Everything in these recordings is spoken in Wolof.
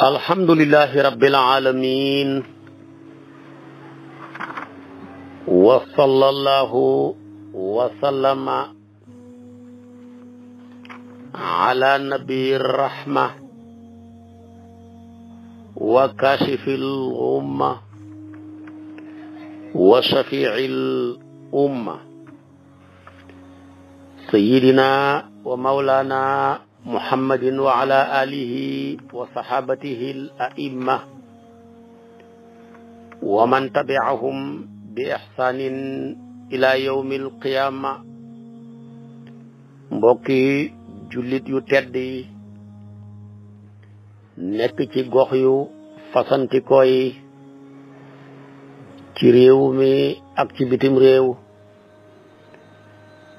alhamdulilahi rabbil alamin wa sallallahu wa sallama ala nabi rahma wa kashifil umma wa shafiil umma sayyidina wa mawlana muhammadin wa ala alihi wa sahabatihi al wa man tabi'ahum bi ihsanin ila yawmi al qiyama jullit yu tedd yi nekk ci gox yu fasantikoo yi ci réew ak ci bitim réew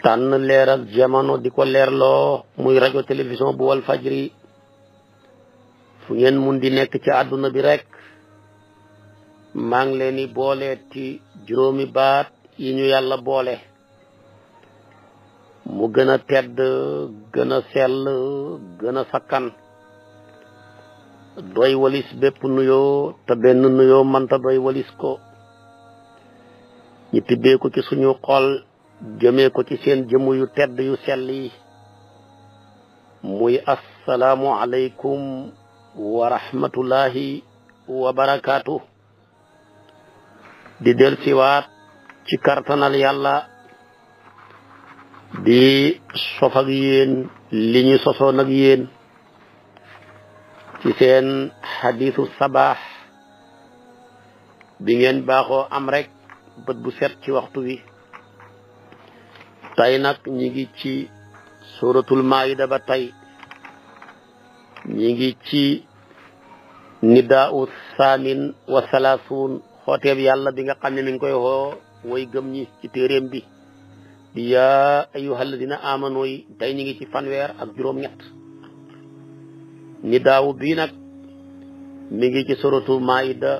tànn leeral jamono di ko leerloo muy rajo télévision bu wal fajri fu ngeen mun di nekk ci àdduna bi rekk maa ngi leen di boole ci juróomi baat yi ñu yàlla boole mu gën a tedd gën a sell gën a sakkan doy walis bépp nuyoo te benn nuyoo manta doy walis ko ñu tibbee ci suñu xol jëmee ko ci seen jëmm yu tedd yu sell yi muy assalaamu aleykum wa rahmatullahi wa barakaatu di del siwaat ci kartanal yàlla di sof ak yéen li ñu sosoon yéen ci seen xadiisu sabaax bi ngeen baaxoo am rekk bët bu set ci waxtu wi tey nag ñi ngi ci suratul maayida ba tey ñi ngi ci nidaau saamin wa salaasuun xooteeb yàlla bi nga xam ne mi koy xoo way gëm ñi ci téeréem bi di yaa ayyuha alladina amano yi tey ñi ngi ci fanweer ak juróom-ñett nidaawu bii nag mi ngi ci suratul maayida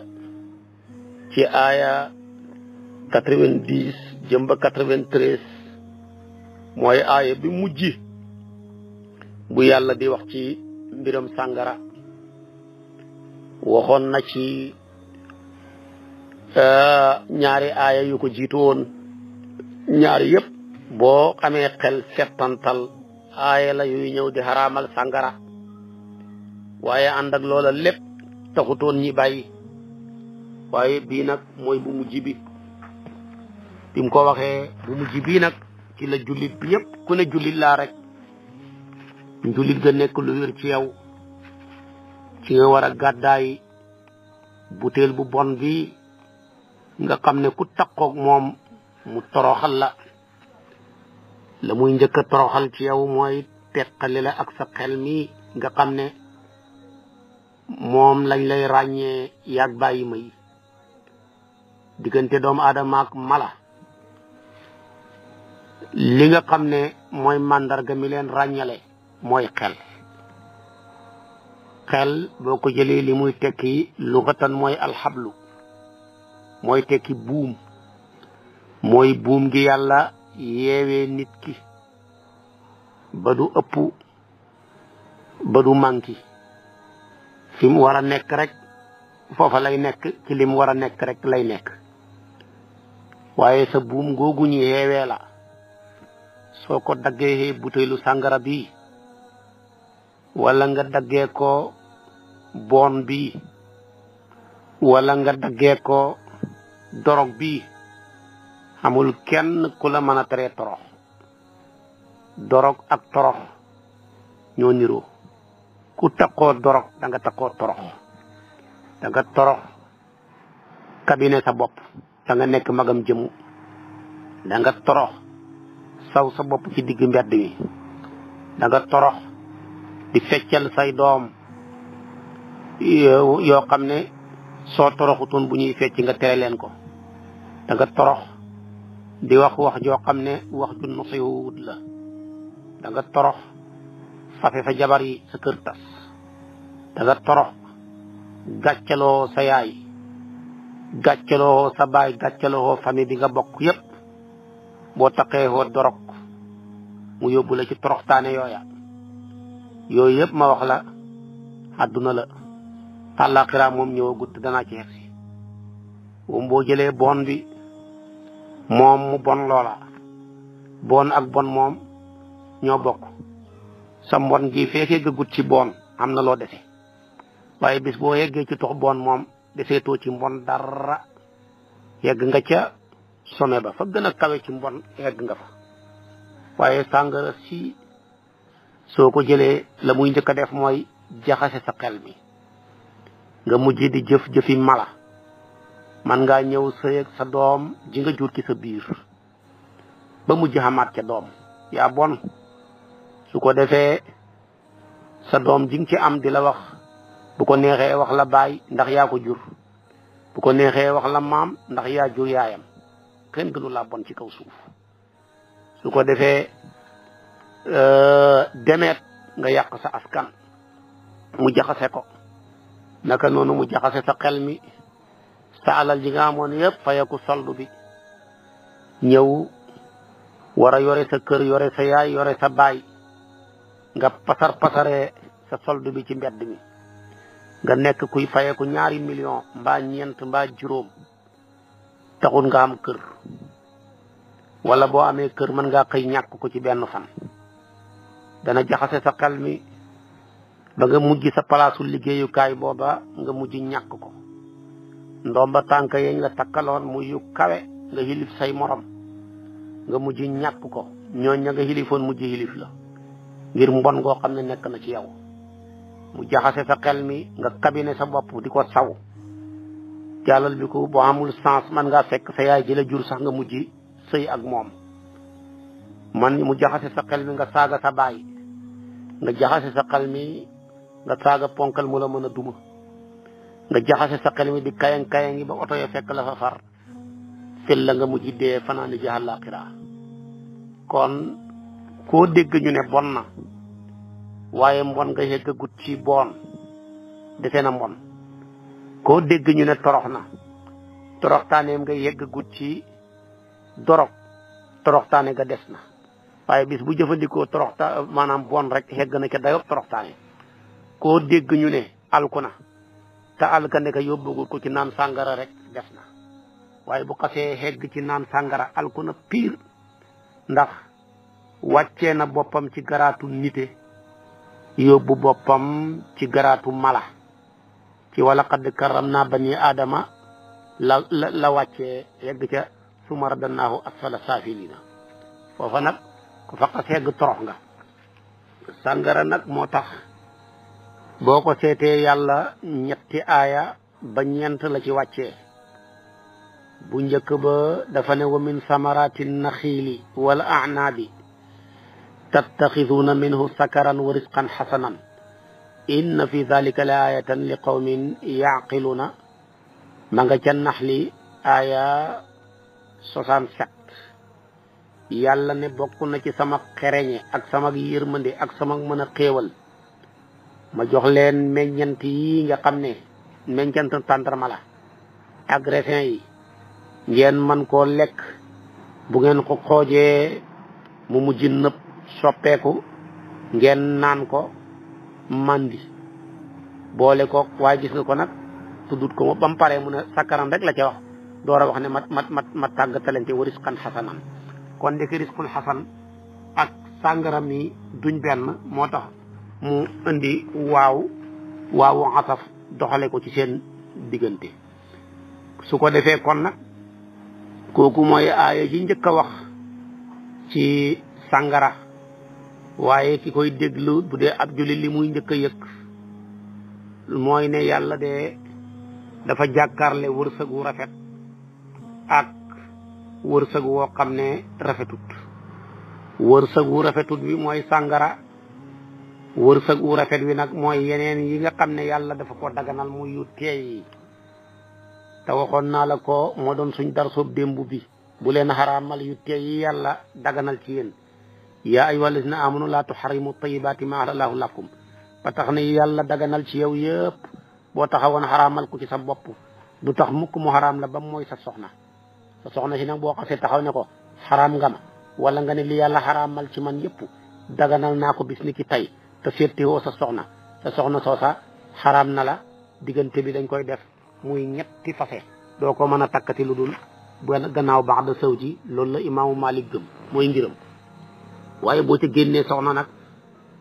ci aaya quatre-vingt-dix mooy aaya bi mujj bu yàlla di wax ci mbiram sàngara waxoon na ci euh, ñaari aaya yu ko jiitu woon ñaari yëpp boo xamee xel settantal aaya ñëw di xaraamal sàngara waaye ànd ak loola lépp taxutoon ñi bàyyi waaye bii mooy bu mujj bi bi ko waxee bu mujj bii nag ki julit jullit bi yëpp ku ne jullit laa rek julit ga nekk lu wér ci yow ci nga war a gàddaay butéel bu bon bi nga xam ne ku takkoog moom mu toroxal la la muy njëkk a toroxal ci yow mooy teqali la ak sa xel mi nga xam ne moom lañ lay ràññee yaag bàyyi ma yi diggante doomu aadama ak mala li nga xam ne mooy màndarga mi leen ràññale mooy xel xel boo ko jëlee li muy tekki luxatan mooy alxablu mooy tekki buum mooy buum gi yàlla yeewee nit ki ba du ëpp ba du manki fi mu war a nekk rek foofa lay nekk ci li mu war a nekk rek lay nekk waaye sa buum googu ñu yeewee la soo ko daggee butéelu sàngara bi wala nga daggee ko boon bi wala nga daggee ko dorog bi amul kenn ku la mën a teree torox dorog ak torox ñoo niroo ku takkoo dorog da nga takkoo torox da torox kabine sa bopp danga nga nekk magam jëmu da torox saw sa bopp ci digg mbedd mi danga nga torox di feccal say doom yoo xam ne soo toroxutoon bu ñuy fecc nga tere leen ko da nga torox di wax wax joo xam ne wax ju nusiwut la da nga torox fafe fa jabar yi sa kër tas da torox gàccaloo sa yaay gàccaloo sa baay gàccaloo famille bi nga bokk yépp boo taqee woo dorog mu yóbbule ci toroxtaane yooya yooyu yëpp ma wax la àdduna la àllaaxira moom ñëwagut danaa ci yegsi moom boo jëlee bon bi moom mu bon loola bon ak bon moom ñoo bokk sa mbon gi fekkee gëggut ci bon am na loo dese waaye bis boo yeggee ci tox bon moom deseetoo ci mbon dara yegg nga ca some ba fa gën a kawe ci mbon egg nga fa waaye sàngara si soo ko jëlee la muy njëkk a def mooy jaxase sa xel mi nga mujj di jëf jëfi mala man ngaa ñëw sëyeeg sa doom ji nga jur ci sa biir ba mujj xamaat ca doom yaa bon su ko defee sa doom ji nga ci am di la wax bu ko neexee wax la baay ndax yaa ko jur bu ko neexee wax la maam ndax yaa jur yaayam kenn gënu bon ci kaw suuf su ko defee euh, demeet nga yàq sa askan mu jaxase ko naka noonu mu jaxase sa xel mi sa alal ji nga amoon yëpp fayeku soldu bi ñëw wara yore sa kër yore sa yaay yore sa baay nga pasar pasaree sa soldu bi ci mbedd mi nga nekk kuy fayeku ñaari million mbaa ñeent mbaa juróom taxul nga am kër wala boo amee kër mën ngaa xëy ñàkk ko ci benn fan dana jaxase sa xel mi ba nga mujj sa palaasu liggéeyukaay booba nga mujj ñàkk ko ndomba tànk yeñ la takkaloon muy yu kawe nga xilif say morom nga mujj ñàkk ko ñooñ ña nga xilifoon mujj xilif la ngir mbon ngoo xam ne nekk na ci yow mu jaxase sa xel mi nga kabine sa bopp di ko saw jàllal bi ko bu amul sens man ngaa fekk sa yaay jëla jur sax nga mujj sëy ak moom man mu jaxase sa xel mi nga saaga sa baay mi nga saaga ponkal mu la mën a duma nga jaxase sa xel di kayang kayang yi ba oto fekk la fa far fil la nga mujj dee fanaani jaaxal laaxira kon koo dégg ñu ne bon na waaye mbon nga yeggagut ci boon dese na mbon ko dégg ñu ne torox na toroxtaaneem nga yegg gut ci dorog toroxtaane nga des waaye bis bu jëfandikoo toroxta maanaam bon rek yegg na ca dayob toroxtaane ko dégg ñu ne alku te alkande ka yóbbu ci naan sàngara rek des na waaye bu xasee yegg ci naan sàngara alku na pire ndax wàccee na boppam ci garaatu nite yóbbu boppam ci garaatu mala ci wala xadd karam naa bani aadama la la wàccee yegg ca suma radannaahu asfala saafilina foofa nag ku faqas yegg torox nga sàngara nag moo tax boo ko seetee yàlla ñetti aaya ba ñeent la ci wàccee bu njëkk ba dafa ne wa min samarati naxiili wal anaabi tattaxiduuna minhu sakaran wa risqan xasanan inna fi dhalika la ayatan li qawmin yaqiluna ma nga ca naxli aaya soixante sept yàlla ne bokk na ci sama xereñe ak sama yërmande ak sama mën a ma jox leen meññant yi nga xam ne meññant tàndarma la ak yi ngeen man koo lekk bu ngeen ko xoojee mu mujj nëpp soppeeku ngeen naan ko mandi boole ko waaye gis nga ko nag tuddut ko ba mu paree mu ne sakaram rek la ca wax door a wax ne mat mat mat mat tàggatalante wa risqan xasanan kon ndeke risqul xasan ak sàngara yi duñ benn moo tax mu indi waaw waawu xasaf doxale ko ci seen diggante su ko defee kon na kooku mooy aaya ji njëkk wax ci sàngara waaye ki koy déglu bu dee ab jullit li muy njëkk a yëg mooy ne yàlla de dafa wërsëg wu rafet ak wërsëg woo xam ne rafetut wërsëg wu rafetut bi mooy sàngara wërsëg wu rafet wi nag mooy yeneen yi nga xam ne yàlla dafa ko daganal mu yu teey te waxoon naa la ko moo doon suñ dar soob démb bi bu leen xaraamal yu teey yi yàlla daganal ci yéen yaa ayyuha allazina amanu laa tuharrimu tayyibaati ma ahlallahu lakum ba tax ne yàlla daganal ci yow yëpp boo taxawoon xaraamal ko ci sa bopp lu tax mukk mu xaraam la ba mooy sa soxna sa soxna si nag boo xasee taxaw ne ko xaraam nga wala nga ne li yàlla xaraamal ci man daganal naa ko bis ni ki tey te seetewoo sa soxna sa soxna soosa xaraam na la diggante bi dañ koy def muy ñetti fase doo ko mën a takkati lu dul gannaaw baax da sëw ji loolu la imaamu Malik gëm mooy ngiram waaye boo ca génnee soxna nag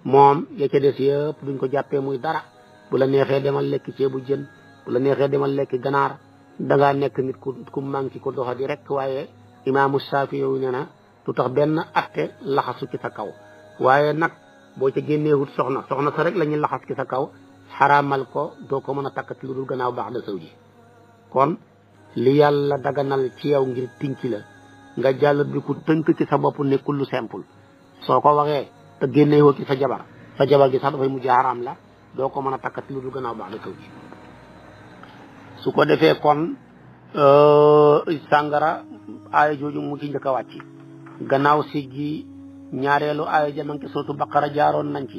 moom ya ca des yëpp duñ ko jàppee muy dara bu la neexee demal lekk ceebu jën bu la neexee demal lekk ganaar da nekk nit ku ku manqué ko doxa di rek waaye imaamu saafi yow ne na lu tax benn atte laxasu ci sa kaw waaye nag boo ca génnee wut soxna soxna sa rek lañuy ñuy laxas ci sa kaw xaramal ko doo ko mën a takk ci lu dul gannaaw baax da saw ji kon li yàlla daganal ci yow ngir tinc la nga jàll bi ku tënk ci sa bopp nekkul lu simple soo ko waxee te génnee woo ci sa jabar sa jabar gi sax dafay mujj la doo ko mën a takkati lu dul gannaaw baax la kaw su ko defee kon euh, sàngara aaya jooju mu ci njëkk a gannaaw gannaaw siggi ñaareelu aaya jamanke sootu baqara jaaroon nañ ci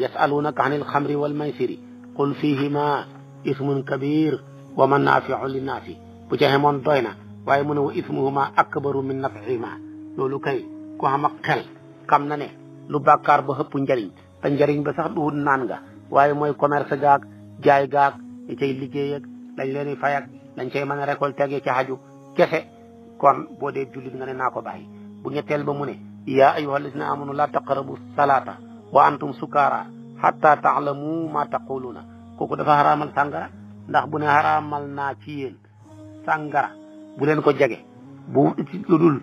yasalunaka anil xamri wal maysiri qul fihima ismun kabir wa manaafiu linnaasi bu ca xemoon doy na waaye mu ne wa ismuhuma akbaru min nafihima loolu kay ku xam ak xam na ne lu bakaar ba xëpp njëriñ te njëriñ ba sax du naan nga waaye mooy commerce gaag jaay gaag ñi cay liggéey ak lañ leen di fay ak lañ cay mën a récolté ci xaju kese kon boo dee jullit nga ne naa ko bàyyi bu ñetteel ba mu ne yaa ayyuha alladina amanu la taqrabu salaata wa antum sukaara hatta taalamu ma taquluuna kooku dafa xaraamal sàngara ndax bu ne xaraamal naa ci yéen sàngara bu leen ko jege bu dul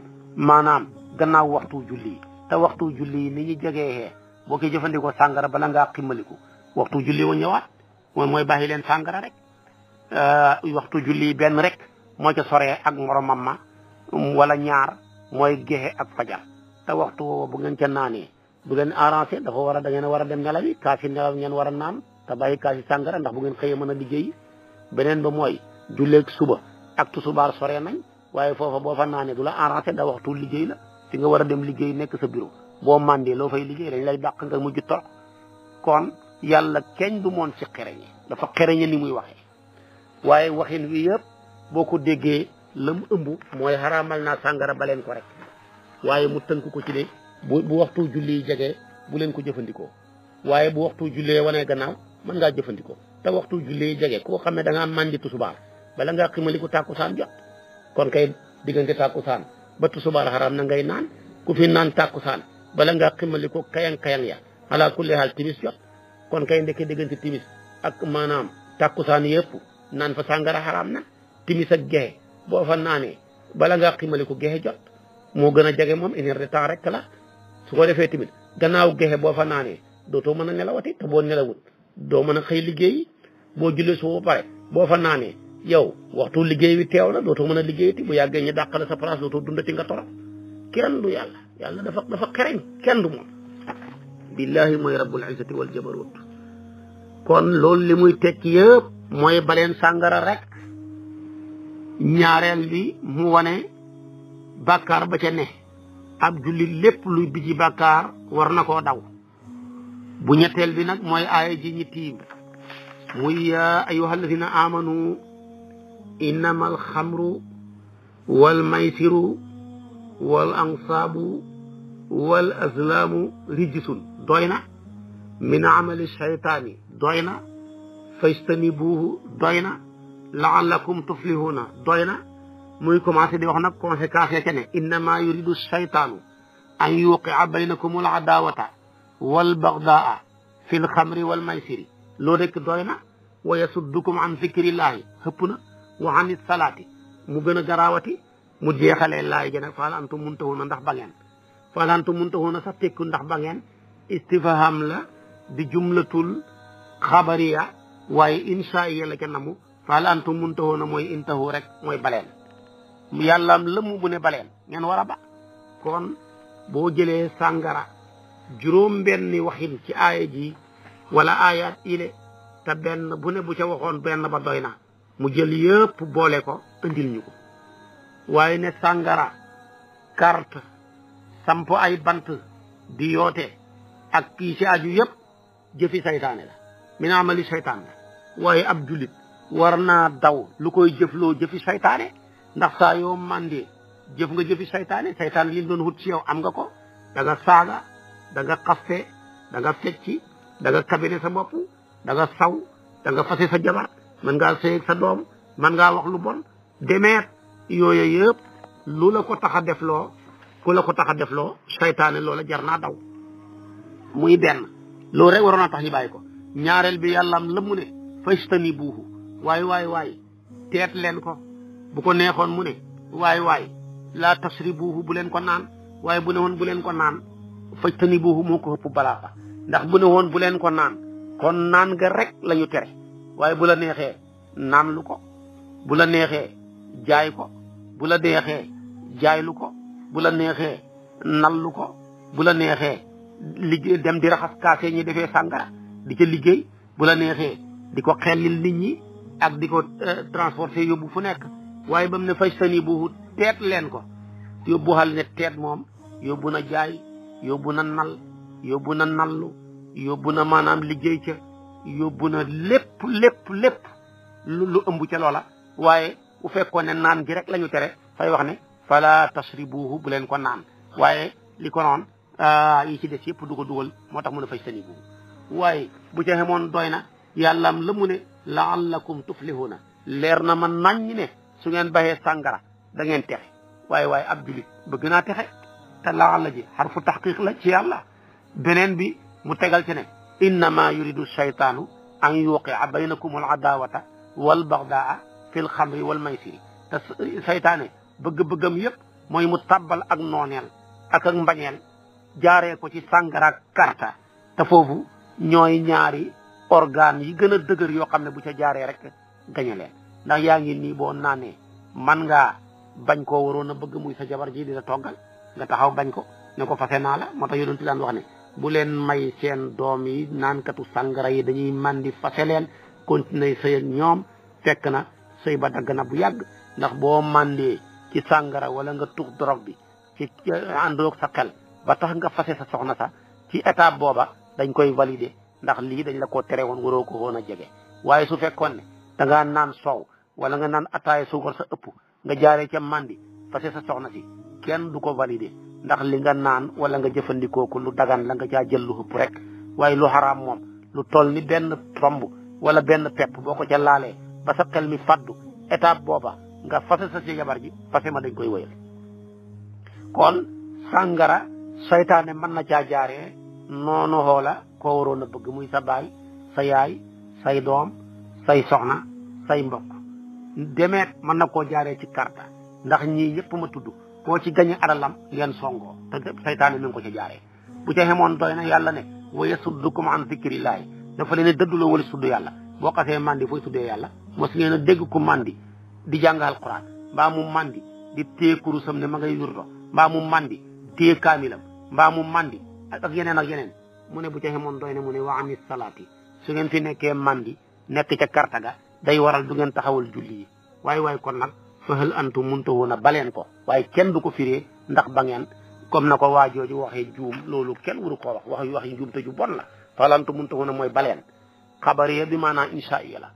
maanaam gannaaw waxtu julli te waxtu julli yi ni jege jegee boo koy jëfandikoo sàngara bala ngaa ximmaliku waxtu julli wa ñëwaat moom mooy bàyyi leen sàngara rek euh, waxtu julli benn rek moo ca soree ak moromam ma um, wala ñaar mooy gexe ak fajar te waxtu woowa bu ngeen ca naanee bu ngeen arrangé dafa war a da ngeen war a dem nelaw yi kaasi ngeen war a naan te bàyyi kaasi sàngara ndax bu ngeen xëyee mën a liggéey beneen ba mooy julleeg suba ak tusubaar sore nañ waaye foofa boo fa naanee du la arrangé da waxtu liggéey la fi nga war a dem liggéey nekk sa bureau boo mandee loo fay liggéey dañ lay dàq nga mujj torox kon yàlla kenn du moon ci xereñe dafa xereñe ni muy waxee waaye waxin wi yëpp boo ko déggee lam ëmb mooy xaraamal naa sàngara ba leen ko rek waaye mu tënk ko ci ne bu bu waxtu julli jege bu leen ko jëfandikoo waaye bu waxtu jullee wane gannaaw mën ngaa jëfandikoo te waxtu julli jegee koo xam ne da ngaa màndi tusubaar bala ngaa ximali ko tàkkusaan jot kon kay diggante tàkkusaan ba tusubaar xaraam na ngay naan ku fi naan tàkkusaan bala ngaa ximali ko kayang-kayang ya ala kulli haal timis jot kon kay ndekki diggante timis ak maanaam tàkkusaan yëpp naan fa sàngara xaraam na timis ak gexe boo fa naanee bala ngaa ximali ko gexe jot moo gën a jege moom une heure rek la su ko defee tamit gannaaw gexe boo fa naanee dootoo mën a nelawati te boo nelawut doo mën a xëy liggéey boo jullee su ba pare boo fa naanee yow waxtu liggéey wi teew na dootoo mën a liggéeyati bu yàggee ñu dàqale sa place dootoo dundati nga torop kenn du yàlla yàlla dafa dafa xereñ kenn du moom billahi mooy rabbul izzati wal kon loolu li muy tekki yëpp mooy baleen sàngara rek ñaareel li mu wane bàkkaar ba ca ab jullit lépp luy biji bàkkaar war na koo daw bu ñetteel bi nag mooy aaya ji muy yaa amanu innama alxamru wal maysiru wal ansaabu wal azlaamu rijsun doy na min amali shaytaani doy na fajtanibuuhu doy na laallakum tuflihuuna doy na muy commencé di wax nag conséquence ke ne innama yuridu shaytaanu an yuqia baynakum al adaawata wal bagdaa fi lxamri wal maysiri loo rekk doy na wa yasuddukum an zikrillahi xëpp na wa ani salaati mu gën a garaawati mu jeexalee laay ji nag fahal antum muntahuuna ndax ba ngeen fahal antum muntahuuna sax tekku ndax ba ngeen la di jumlatul xabariya waaye insha yàlla ca namu fahal antum muntahuuna mooy intahu rek mooy baleen yàllaam lëmu bu ne baleen ngeen war a ba kon boo jëlee sàngara juróom benni waxin ci aaya wala aayaat ile te benn bu ne bu ca waxoon benn ba doy mu jël yëpp boole ko indil ñu ko waaye ne sàngara kart samp ay bant di yoote ak kii ci aju yëpp jëfi saytaane la min amali saytaan la waaye ab julit war naa daw lu koy jëfloo jëfi saytaane ndax saa yoo mandee jëf nga jëfi saytaane saytaane li doon wut si yow am nga ko da nga saaga da nga xaste da nga fecci da nga sa bopp da saw da nga fase sa jabar mën nga sëy ak sa doom mën ngaa wax lu bon demeet yooyu yëpp lu la ko tax a defloo ku la ko tax a defloo seytaane loola jar naa daw muy benn loolu rek waroon naa tax ñu bàyyi ko ñaareel bi yàllaam la mu ne fastani buuhu waay waay waay teet leen ko bu ko neexoon mu ne waay waay laa tasri buuhu bu leen ko naan waaye bu ne woon bu leen ko naan fajtani buuhu moo ko ëpp balaa sax ndax bu ne woon bu leen ko naan kon naan nga rek lañu tere waaye bu la neexee naan lu ko bu la neexee jaay ko bu la neexee jaay lu ko bu la neexee nal lu ko bu la neexee liggéey dem di raxas kaase ñi defee sàngara di ca liggéey bu la neexee di ko xellil nit ñi ak di ko euh, transporter yóbbu fu nekk waaye ba mu ne faj sani bu teet leen ko yóbbu xal ne teet moom yobbu na jaay yóbbu na nal yóbbu na nal yóbbu na maanaam liggéey ca yóbbu na lépp lépp lépp lu lu ëmb ca loola waaye bu fekkoon ne naan gi lañu tere fay wax ne fala tasribuhu bu leen ko naan waaye li ko noon ah, yi ci des yëpp du ko dugal moo tax mu a faj sani waaye bu ca xemoon doy na yàllaam la mu ne laallakum tuflihuna leer na ma naññ ne su ngeen baxee sàngara da ngeen texe waaye waaye ab julit bëgg naa texe te laalla ji xarfu taxqiq la ci yàlla beneen bi mu tegal ci ne innama yuridu shaytaanu an yuqia baynakum al adaawata wal bagdaa fil xamri wal maysiri te saytaane bëgg-bëggam yëpp mooy mu tàbbal ak nooneel ak ak mbañeel jaaree ko ci sàngaraak karta te foofu ñooy ñaari organe yi gën a dëgër yoo xam ne bu ca jaaree rek gañe leen ndax yaa ngi nii boo naanee man nga bañ koo waroon a bëgg muy sa jabar ji di la toggal nga taxaw bañ ko ne ko fase naa la moo tax yonent daan wax ne bu leen may seen doom yi naankatu sangara yi dañuy màndi fase leen continuer sëy ñoom fekk na sëy ba dagg bu yàgg ndax boo màndee ci sangara wala nga tux drogue bi ci àndoog sa xel ba tax nga fase sa soxna sa ci étape booba dañ koy valider ndax lii dañ la koo tere woon waroo ko woon a jege waaye su fekkoon ne da ngaa naan soow wala nga naan ataaya suukar sa ëpp nga jaaree ca màndi fase sa soxna si kenn du ko valider ndax li nga naan wala nga jëfandikoo ko lu dagan la nga caa jël lu ëpp rek waaye lu xaraam moom lu toll ni benn romb wala benn pepp boo ko ca laalee ba sa xel mi faddu étape booba nga fase sa ci jabar ji fase ma dañ koy wéyal kon sàngara saytaane mën na caa jaaree noonu xoola koo waroon a bëgg muy sa baay sa yaay say doom say soxna say mbokk demeet mën na koo jaaree ci karta ndax ñii yëpp ma tudd koo ci gañe aralam ngeen songoo te saytaane mi ngi ko ci jaaree bu ca xemoon doy na yàlla ne wa yasuddukum an zikrillahi dafa ne dëdduloo wala sudd yàlla boo xasee mandi fooy suddee yàlla mos ngeen a dégg ku mandi di jàng alquran mbaa mu mandi di téye kurusam ne ma ngay wirdo mbaa mu mandi téye kaamilam mbaa mu mandi ak yeneen ak yeneen mu ne bu ca xemoon doy na mu ne wa amis salaati su ngeen fi nekkee mandi nekk ca karta ga day waral du ngeen taxawal julli yi waaye waaye kon nag fahal antum muntahuna baleen ko waaye kenn du ko firee ndax ba ngeen comme na ko waa jooju waxee juum loolu kenn waru koo ko wax yu wax yi juum te ju bon la falantu mun taxu ne mooy baleen xabariya bi maana insha la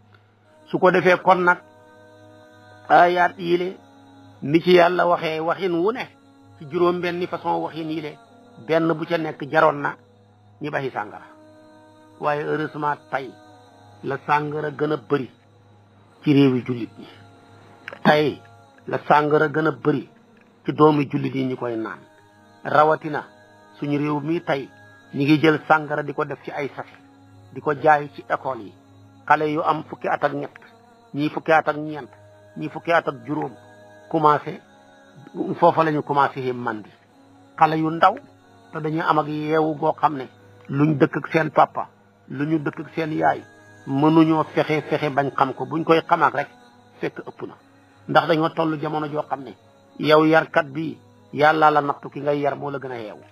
su ko defee kon nag ayaat yile ni ci yàlla waxee waxin wu ne ci juróom benni façon yii yile benn bu ca nekk jaroon na ñi baxi sàngara waaye heureusement tey la sàngara gën a bëri ci réewi jullit ñi tey la sàngara gën a bëri ci doomi jullit yi ñu koy naan rawatina suñu réew mi tey ñi ngi jël sàngara di ko def ci ay saf di ko jaay ci école yi xale yu am fukki at ak ñett ñii fukki at ak ñeent ñii fukki at ak juróom commencé foofa la ñu commencé yi mandi xale yu ndaw te dañu am ak yeewu goo xam ne luñ dëkk ak seen papa lu ñu dëkk seen yaay mënuñoo fexe fexe bañ xam ko buñ koy xamaak rek fekk ëpp na ndax dañoo toll jamono joo xam ne yow yarkat bi yàlla la nattu ki ngay yar moo la gën a yeewu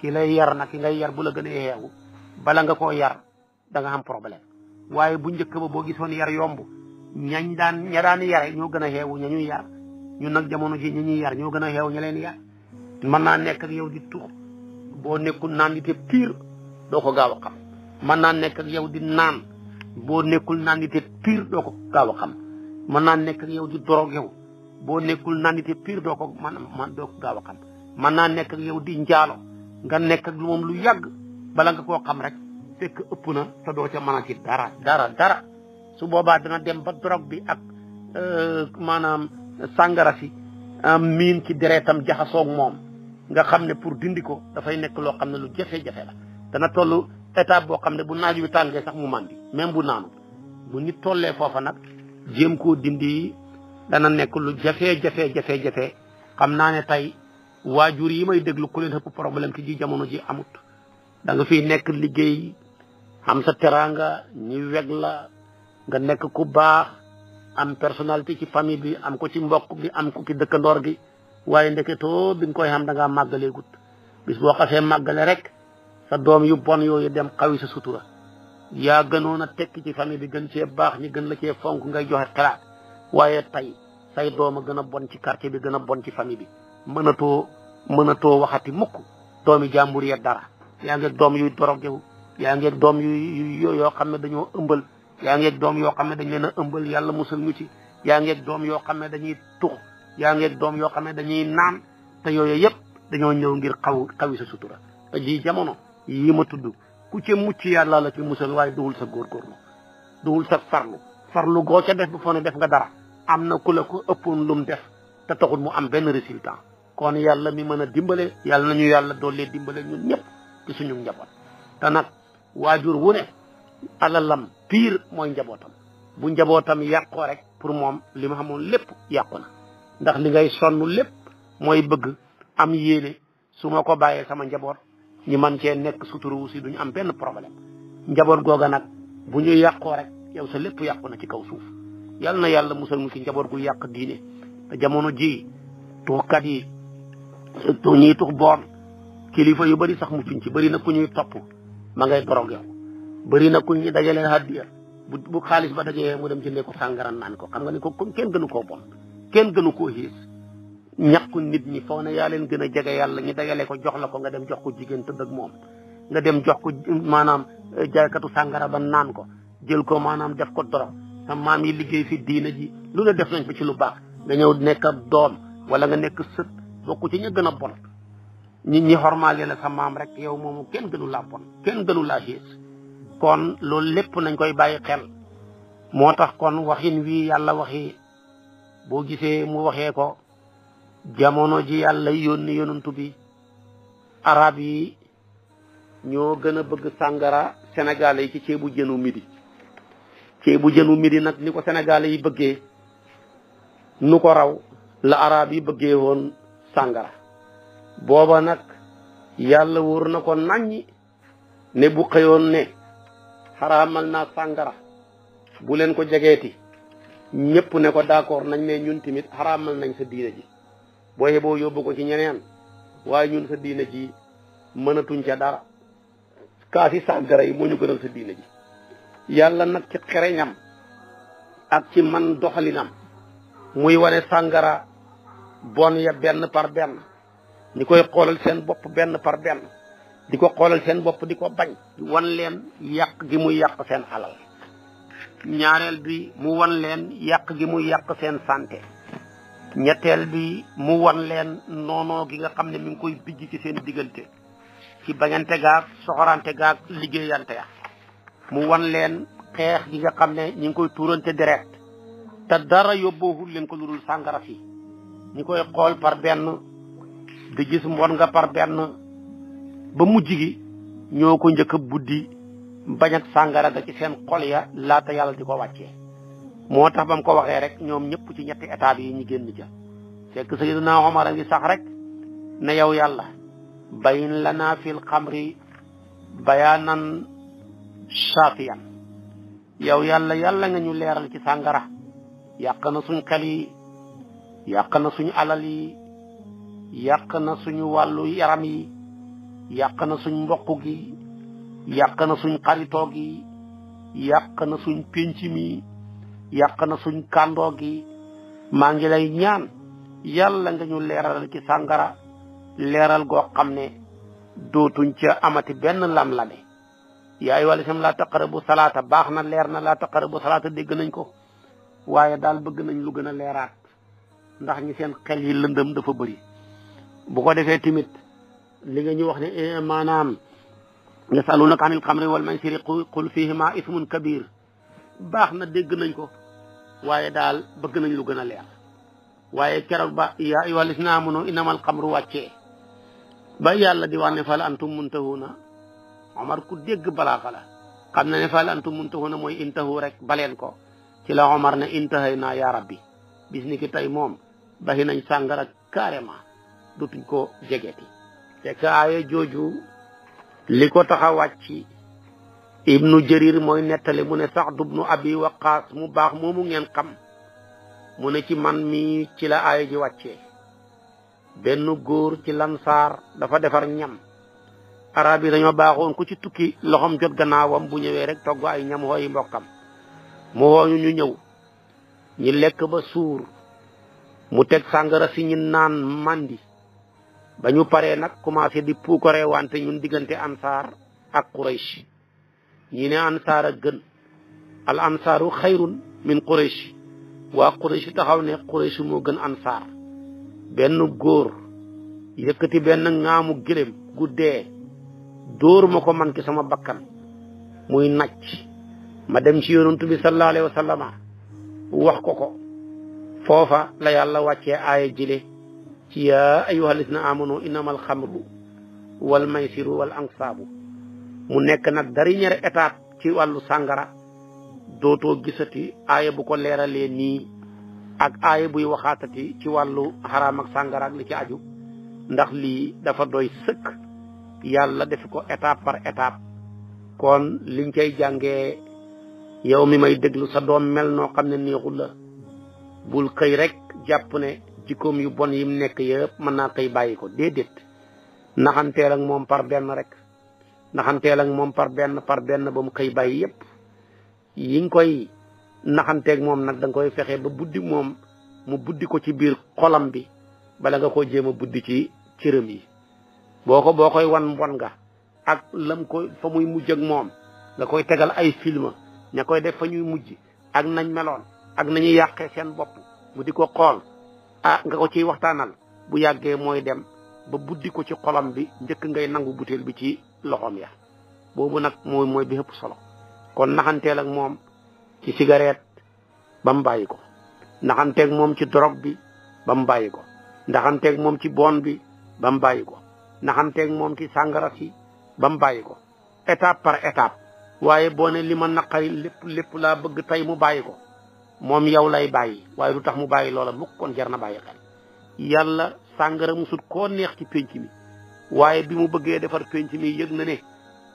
ki lay yar nag ki ngay yar bu la gën a yeewu bala nga koo yar danga xam problème waaye bu njëkk ba boo gisoon yar yomb ñañ daan ña daan yare ñoo gën a xeewu ña ñuy yar ñun nag jamono ji ñi yar ñoo gën a xeew ña leen yar mën naa nekk ak yow di tux boo nekkul naan di te piir doo ko gaaw a xam mën naa nekk ak yow di naan boo nekkul naan di te xam mën naa nekk ak yow di dorog yow boo nekkul nandite piir doo ko man man doo ko gaaw a xam man naa nekk ak yow di njaalo nga nekk ak moom lu yàgg bala nga koo xam rek fekk ëpp na te doo ca mën dara dara dara su boobaa dana dem ba drogue bi ak euh, maanaam sàngara si miin ci deretam jaxasoog moom nga xam ne pour dindi ko dafay nekk loo xam ne lu jafe-jafe la dana toll étape boo xam ne bu naaj wi tàngee sax mu màndi même bu naanu bu ñu tollee foofa nag jéem koo dindi dana nekk lu jafe jafe jafe jafee xam naa ne tey waajur yi may déglu ku leen ëpp problème ki ji jamono ji amut da nga fiy nekk liggéey am sa teraanga ñi weg la nga nekk ku baax am personnalité ci famille bi am ko ci mbokk bi am ko ci dëkkandoor gi waaye ndeketoo bi nga koy xam da ngaa màggaleegut bis boo xasee màggale rek sa doom yu bon yooyu dem xawi sa sutura yaa gënoon a tekki ci famille bi gën cee baax ñi gën la cee fonk ngay joxe xalaat waaye tey say doom a gën a bon ci quartier bi gën a bon ci famille bi mënatoo mënatoo waxati mukk doomi jàmbur ya dara yaa ngeeg doom yuy dorogewu yaa ngeeg doom yu yoo xam ne dañoo ëmbal yaa ngeeg doom yoo xam ne dañ leen a ëmbal yàlla musal ñu ci yaa ngeeg doom yoo xam ne dañuy tux yaa ngeeg doom yoo xam ne dañuy naan te yooyo yëpp dañoo ñëw ngir xaw xawi sa sutura te ji jamono yi ma tudd ku ci mucc yàlla la ci musal waaye duwul sa góorgóorlu duwul sa farlu farlu goo ca def bu foo def nga dara am na ku la ko ëppoon lum def te taxul mu am benn résultat kon yàlla mi mën a dimbale yàlla na ñu yàlla doole dimbale ñun ñëpp ci suñu njaboot te nag waajur wu ne alalam piir mooy njabootam bu njabootam yàqoo rek pour moom li ma xamoon lépp yàqu na ndax li ngay sonnu lépp mooy bëgg am yéene su ma ko bàyyee sama njaboot ñu man cee nekk suturu si duñu am benn problème njaboot googa nag bu ñuy yàqoo rek yow sa lépp yàqu na ci kaw suuf yal na yàlla musal mu ci njaboot gu yàq diine te jamono ji tuxkat yi tu ñuy tux boon kilifa yu bëri sax muccuñ ci bëri na ku ñuy topp ma ngay dorog yow bari na ku ñuy dajalee hadiya bu bu xaalis ba dajee mu dem jëndee ko sàngara naan ko xam nga ni ko kon kenn gënu ko bon kenn gënu koo xiis ñàkku nit ñi foog ne yaa leen gën a jege yàlla ñu dajale ko jox la ko nga dem jox ko jigéen tëdd ak moom nga dem jox ko maanaam eh, jaaykatu sàngara ba naan ko jël ko maanaam def ko dorog sa maam yi liggéey fi diina ji lu ne def nañ ko ci lu baax nga ñëw nekk ab doom wala nga nekk sët bokku ci ña gën a bon nit ñi xormaale la sa maam rek yow moomu kenn gënu laa bon kenn gënu laa xiis kon loolu lépp nañ koy bàyyi xel moo tax kon waxin wi yàlla waxi boo gisee mu waxee ko jamono ji yàlla yónni yonantu bi arab yi ñoo gën a bëgg sàngara sénégalais yi ci ceebu jënu midi ceebu jënu midi nag ni ko Sénégalais yi bëggee nu ko raw la arab yi bëggee woon sàngara booba nag yàlla wóor na ko naññi ne bu xëyoon ne xaraamal naa sàngara bu leen ko jegeti ñëpp ne ko d'accord nañ ne ñun tamit xaraamal nañ sa diine ji boo yeboo yóbbu ko ci ñeneen waaye ñun sa diine ji mënatuñ ca dara kaasi sàngara yi moo ñu gënal sa diine ji yàlla nag ci xereñam ak ci man doxalinam muy wane sàngara bon ya benn par benn ñi koy xoolal seen bopp benn par benn di ko xoolal seen bopp di ko bañ wan leen yàq gi muy yàq seen alal ñaareel bi mu wan leen yàq gi muy yàq seen sante ñetteel bi mu wan leen noonoo gi nga xam ne mu ngi koy bijj ci seen diggante ci bañante gaag soxorante gaa liggéeyante ya mu wan leen xeex gi nga xam ne ñi ngi koy tuurante direct te dara yóbboowul leen ko ludul sàngara fi ñi koy xool par benn di gis mbon nga par benn ba mujj gi ñoo ko njëkk a buddi bañ ak sàngara ga ci seen xool ya laata yàlla di ko wàccee moo tax ba mu ko waxee rek ñoom ñëpp ci ñetti état yi ñu génn ja fekk Sayyidina Omar a ngi sax rek ne yow yàlla bayin lanaa fil xamri bayaanan shafiyan yow yàlla yàlla nga ñu leeral ci sàngara yàq na suñ xel yi yàq na suñ alal yi yàq na suñu wàllu yaram yi yàq na suñ mbokk gi yàq na suñ xaritoo gi yàq na suñ pénc mi yàq na suñ kàndoo gi maa ngi lay ñaan yàlla nga ñu leeral ci sàngara leeral goo xam ne dootuñ ci amati benn lam-lame yaa ayyuhal lazina laa taqrabu salaata baax na leer na laa taqrabu salaata dégg nañ ko waaye daal bëgg nañ lu gën a leeraat ndax ñi seen xel yi lëndëm dafa bëri bu ko defee tamit li nga ñu wax ne eh, maanaam yasalunaka anil xamri wal maysiri qul fihima ismun kabir baax na dégg nañ ko waaye daal bëgg nañ lu gën a leer waaye keroog ba yaa ayyuhal lazina aamanu innamal xamru wàccee ba yàlla di wax ne fal antum muntahuna Omar ku dégg balaaxa la xam na ne fal antum muntahuna mooy intahu rek baleen ko ci la Omar ne intahay naa yaa rabbi bis ni tey moom baxi nañ sàngara carrément dutuñ ko jegeti c'est que aaya jooju li ko tax a wàcc ibnu jarir mooy nettali mu ne sax dubnu abi waqaas mu baax moomu ngeen xam mu ne ci man mi ci la aaya ji wàccee benn góor ci lansaar dafa defar ñam arab yi dañoo baaxoon ku ci tukki loxom jot gannaawam bu ñëwee rek togg ay ñam xooyi mbokkam mu wooñu ñu ñëw ñi lekk ba suur mu teg sàngara si ñi naan màndi ba ñu paree nag commencé di puukaree wante ñun diggante ansaar ak quraysh ñi ne ansaar a gën al ansaaru xayrun min quraysh waa quraysh taxaw ne quraysh moo gën ansaar benn góor yëkkati benn ŋaamu gëlem gu dóor ma ko man ci sama bakkan muy nacc ma dem ci yonantu bi sallallahu alayhi wa wax ko ko foofa la yàlla wàccee aaya jile ci yaa ayyuhal ladina amanu innama alxamru wal maysiru wal ansaabu mu nekk nag dernière étape ci wàllu sàngara dootoo gisati aaya bu ko leeralee nii ak aaya buy waxaatati ci wàllu xaraam ak sàngara li ci aju ndax lii dafa doy sëkk yàlla def ko étape par étape kon liñ koy jànge yow mi may déglu sa doom mel noo xam ne neexul la bul xëy rek jàpp ne jikkoom yu bon yim nekk yëpp mën naa këy bàyyi ko déedéet naxanteel ak moom par benn rek naxanteel ak moom par benn par benn ba mu këy bàyyi yëpp yi nga koy naxanteeg moom nag da koy fexe ba buddi moom mu buddi ko ci biir xolam bi bala nga koo jéem a buddi ci cëram yi boo ko boo koy wan wan nga ak lam ko fa muy mujj ak moom nga koy tegal ay film ña koy def fa ñuy mujj ak nañ meloon ak nañuy yàqee seen bopp mu di ko xool ah nga ko ci waxtaanal bu yàggee mooy dem ba buddi ko ci xolam bi njëkk ngay nangu butéel bi ci loxoom ya boobu nag mooy mooy bi ëpp solo kon naxanteel ak moom ci cigarette ba mu bàyyi ko naxanteeg moom ci drogue bi ba mu bàyyi ko naxanteeg moom ci bon bi ba mu bàyyi ko naxanteeg moom ci sangara si ba mu bàyyi ko étape par étape waaye boo ne li ma naqari lépp lépp laa bëgg tey mu bàyyi ko moom yow lay bàyyi waaye du tax mu bàyyi loola mukk kon jar na bàyyi xel yàlla sàngara musut koo neex ci pénc mi waaye bi mu bëggee defar pénc mi yëg na ne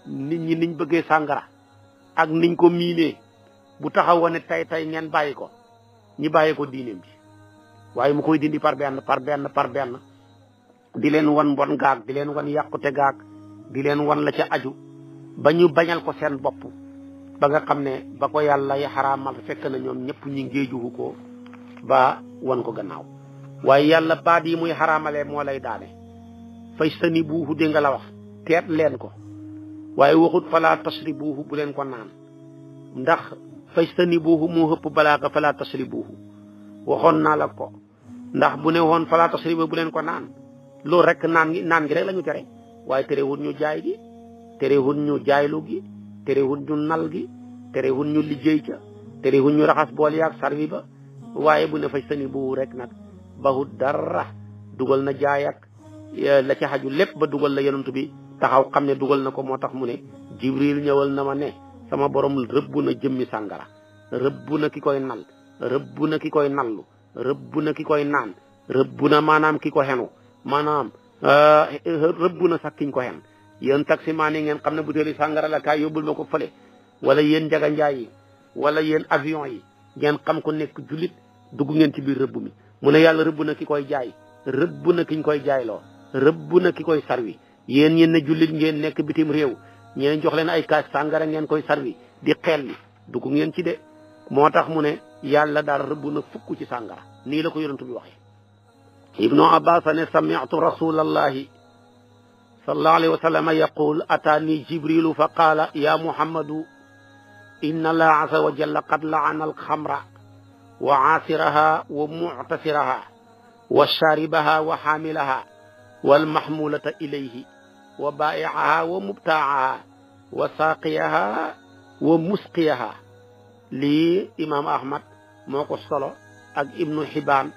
nit ñi niñ bëggee sàngara ak niñ ko miinee bu taxawoon ne tey tey ngeen bàyyi ko ñi bàyyi ko diineem bi waaye mu koy dindi par benn par benn par benn di leen wan mbon gaag di leen wan yàqute gaag di leen wan la ci aju ba ñu bañal ko seen bopp ba nga xam ne ba ko yàlla ya xaraamal fekk na ñoom ñëpp ñu ngéejuwu ko ba wan ko gannaaw waaye yàlla baat yi muy xaraamalee moo lay daane fay sani buuhu di nga la wax teet leen ko waaye waxut falaa tasri buuhu bu leen ko naan ndax fay sani buuhu moo ëpp balaa ko falaa tasri buuhu waxoon naa la ko ndax bu ne woon falaa tasri bu leen ko naan loolu rek naan gi naan gi rek la tere waaye terewul ñu jaay gi terewul ñu jaaylu gi terewul ñu nal gi tere terewul ñu liggéey tere terewul ñu raxas bool yaag sarwi ba waaye bu ne faj sani bu rek nag baxut dara dugal na jaay ak la ci xaju lépp ba dugal la yonent bi taxaw xam ne dugal na ko moo tax mu ne jibril ñëwal na ma ne sama borom rëbb na jëmmi sàngara rëbb na ki koy nal rëbb na ki koy nallu rëbb na ki koy naan rëbb na maanaam ki ko xenu maanaam euh, rëbb na sax kiñ ko xen yéen taximaan yi ngeen xam ne butéeli sàngara la kaay yóbbul ma ko fële wala yéen njaganjaay yi wala yéen avion yi ngeen xam ko nekk jullit dugg ngeen ci biir rëbb mi mu ne yàlla rëbb na ki koy jaay rëbb na kiñ koy jaayloo rëbb na ki koy sarwi yéen yéen ne jullit ngeen nekk bitim réew ñeen jox leen ay kaas sàngara ngeen koy sarwi di xeel bi dugg ngeen ci de moo tax mu ne yàlla daal rëbb na fukk ci sàngara nii la ko yonent bi waxee ibnu abbas ne sami'tu rasulallahi sallallahu alayhi wa sallam yaqul ataani jibrilu fa qaala ya muhammadu inna allaha azza wa jalla qad la'ana alxamra wa aasiraha wa mu'tasiraha wa shaaribaha wa xaamilaha walmahmulata ilayhi wa baa'i'aha wa mubtaacaha wa saaqiyaha wa musqiyaha lii imaam ahmad moo ko solo ak ibnu xibaan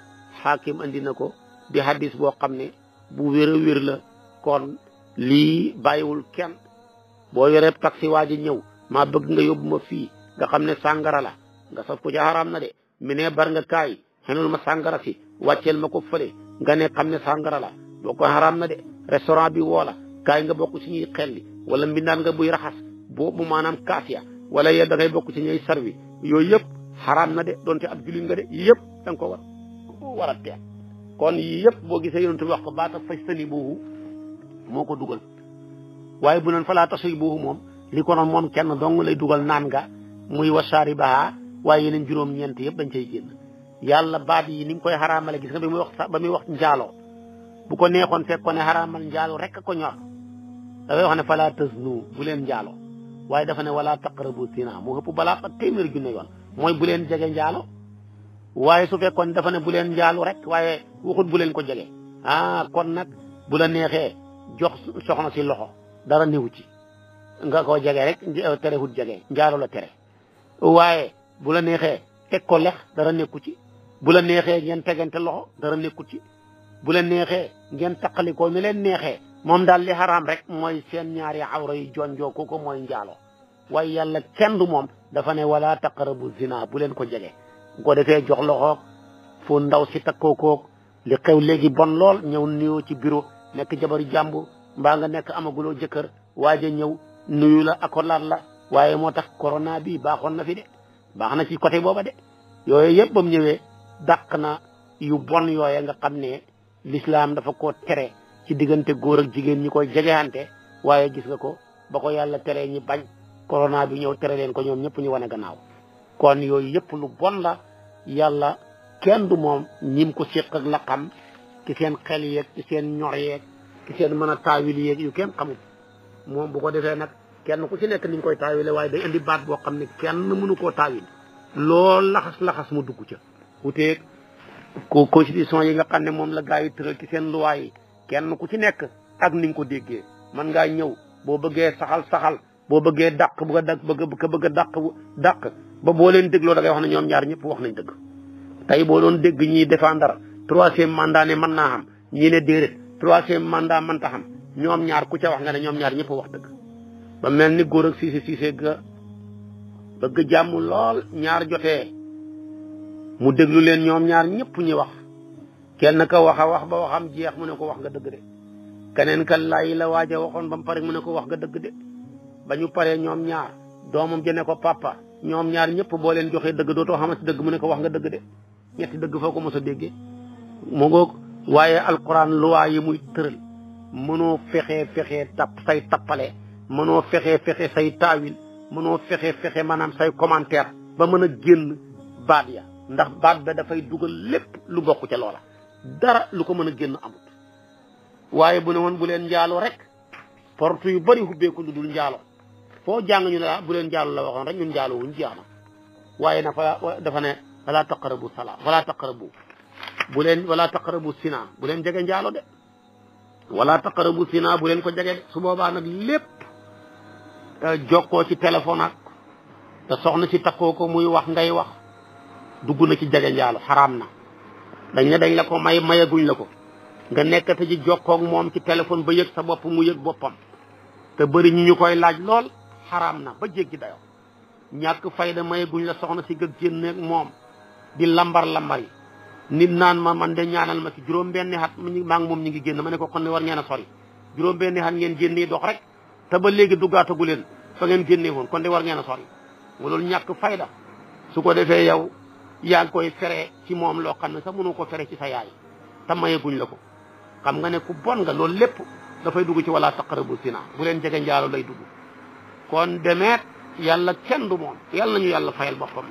xaakim andi na ko di hadis boo xam ne bu wér a la kon lii bàyyiwul kenn boo yoree taxi waa ji ñëw maa bëgg nga yóbbu ma fii nga xam ne sàngara la nga saf ko ca xaraam na de mi ne bar nga kaay xenul ma sàngara si wàcceel ma ko fële nga ne xam ne sàngara la boo ko xaraam na de restaurant bi woo la kaay nga bokk si ñuy xelli wala mbindaan nga buy raxas boobu maanaam kaasiya wala yow da ngay bokk si ñuy sarwi yooyu yëpp xaraam na de donte ab jullit nga de yëpp da ko war war a kon yii yëpp boo gisee yonent bi wax ko baata fajtanibuhu moo ko dugal waaye bu noon falaa tasribuhu moom li ko noon moom kenn dong lay dugal naan ga muy wasaaribaha waaye yeneen juróom-ñeent yëpp dañ cay génn yàlla baat yi ni mu koy xaraamale gis nga ba muy wax ba muy wax njaaloo bu ko neexoon fekk ne xaraamal njaaloo rek ko ñor dafay wax ne falaa tasnu bu leen njaalo waaye dafa ne wala taqrabu zina mu ëpp balaa téeméer junne yoon mooy bu leen jege njaaloo waaye su fekkoon dafa ne bu leen njaalu rek waaye waxut bu leen ko jege ah kon nag bu la neexee jox soxna si loxo dara néew ci nga ko jege rek tere wut jege njaalu la tere waaye bu la neexee teg ko lex dara nekku ci bu la neexee ngeen tegante loxo dara nekku ci bu la neexee ngeen taqalikoo ni leen neexee moom daal li xaraam rek mooy seen ñaari awra yi jonjoo ko ko mooy njaaloo waaye yàlla kenn du moom dafa ne wala taqarabu zina bu leen ko jege bu ko defee jox loxoog fu ndaw si takkoo koog li xew léegi bon lool ñëw nuyoo ci bureau nekk jabaru jàmbu mbaa nga nekk amaguloo jëkkër waaja ñëw nuyu la akolaat la waaye moo tax corona bi baaxoon na fi de baax na ci côté booba de yooyu yëpp bam ñëwee dàq na yu bon yooye nga xam ne l'islam dafa ko tere ci diggante góor ak jigéen ñi koy jegaante waaye gis nga ko ba ko yàlla tere ñi bañ corona bi ñëw tere leen ko ñoom ñëpp ñu wane gannaaw kon yooyu yëpp lu bon la yàlla kenn du moom ñim ko séq ak la xam ci seen xel yeeg ci seen ñor yeeg ci seen mën a taawil yeeg yu kenn xamul moom bu ko defee nag kenn ku ci nekk ni ñu koy taawile waaye day indi baat boo xam ne kenn mënu koo taawil loolu laxas-laxas mu dugg ca wuteeg ko constitution yi nga xam ne moom la gars yi tëral ci seen luwaa kenn ku ci nekk ak ni nga ko déggee man ngaa ñëw boo bëggee saxal saxal boo bëggee dàq bëgg a bëgg bëgg dàq dàq ba boo leen dégloo da wax ne ñoom ñaar ñëpp wax nañ dëgg tey boo doon dégg ñiy défendre troisième mandat ne mën naa am ñi ne déedéet troisième mandat mën xam ñoom ñaar ku ca wax nga ne ñoom ñaar ñëpp wax dëgg mel ni góor ak siise siise ga bëgg jàmm lool ñaar jotee mu déglu leen ñoom ñaar ñëpp ñi wax kenn ka wax wax ba waxam jeex mu ne ko wax nga dëgg de keneen ka lay la waaj a waxoon ba mu pare mu ne ko wax nga dëgg de ba ñu paree ñoom ñaar doomam ja ko papa ñoom ñaar ñëpp boo leen joxee dëgg dootoo xamante dëgg mu ne ko wax nga dëgg de ñetti dëgg foo ko mos a déggee mu ngoog waaye alquran luwaa yi muy tëral mënoo fexe fexe tap say tappale mënoo fexe fexe say taawil mënoo fexe fexe maanaam say commentaire ba mën a génn baat ya ndax baat ba dafay dugal lépp lu bokk ca loola dara lu ko mën a génn amut waaye bu ne woon bu leen njaaloo rek porte yu bari xubbeeku lu dul njaaloo foo jàng ñu ne ah bu leen jaalu la waxoon rek ñun jaalu wuñ jeex na waaye na fa dafa ne wala taqrabu walaa wala taqrabu bu leen wala taqrabu sina bu leen jege njaalo de wala taqrabu sina bu leen ko jege de su boobaa nag lépp jokkoo ci téléphone ak te soxna si takkoo ko muy wax ngay wax dugg na ci jege jaalo xaraam na dañ ne dañ la ko may mayaguñ la ko nga nekkate ji jokkoog moom ci téléphone ba yëg sa bopp mu yëg boppam te bëri ñu ñu koy laaj lool xaraam na ba jéggi dayoo ñàkk fayda may guñ la soxna si nga génneeg moom di lambar lambar yi nit naan ma man de ñaanal ma ci juróom benni xat maa ngi moom ñi ngi génn ma ne ko kon ne war ngeen a sori juróom benni xat ngeen génnee dox rek te ba léegi duggaatagu leen fa ngeen génnee woon kon de war ngeen a sori nga loolu ñàkk fayda su ko defee yow yaa ngi koy fere ci moom loo xam ne sax mënu ko fere ci sa yaay te mayeguñ la ko xam nga ne ku bon nga loolu lépp dafay dugg ci wala taqrabu zina bu leen jege njaalo lay dugg kon demeet yàlla kenn du moom yàlla nañu yàlla fayal boppam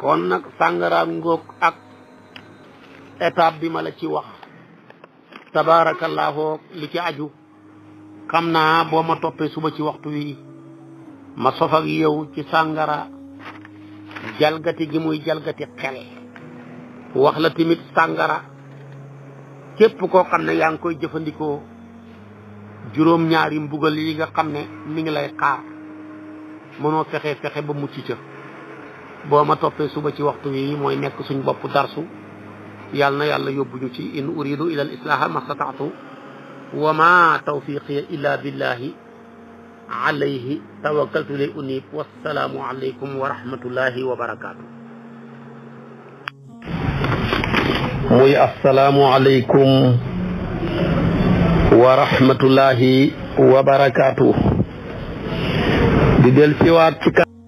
kon nag sàngaraam ngóog ak étape bi ma la ci wax tabaarakallaahu li ci aju xam naa boo ma toppee suba ci waxtu wi ma sof ak ci sàngara jalgati gi muy jalgati xel wax la tamit sàngara képp koo xam ne yaa ngi koy jëfandikoo juróom ñaari mbugal yi nga xam ne mi ngi lay xaar mënoo fexe fexe ba mucc ca boo ma toppee suba ci waxtu wi mooy nekk suñ bopp darsu yàlla na yàlla yóbbuñu ci in uridu ila al islaha ma stataatu wa ma tawfiqiya illa billahi alayhi tawakkaltu lay unib wassalaamu alaykum wa rahmatullahi wa barakaatu wa rahmatullahi wa barakaatu di del siwaat ci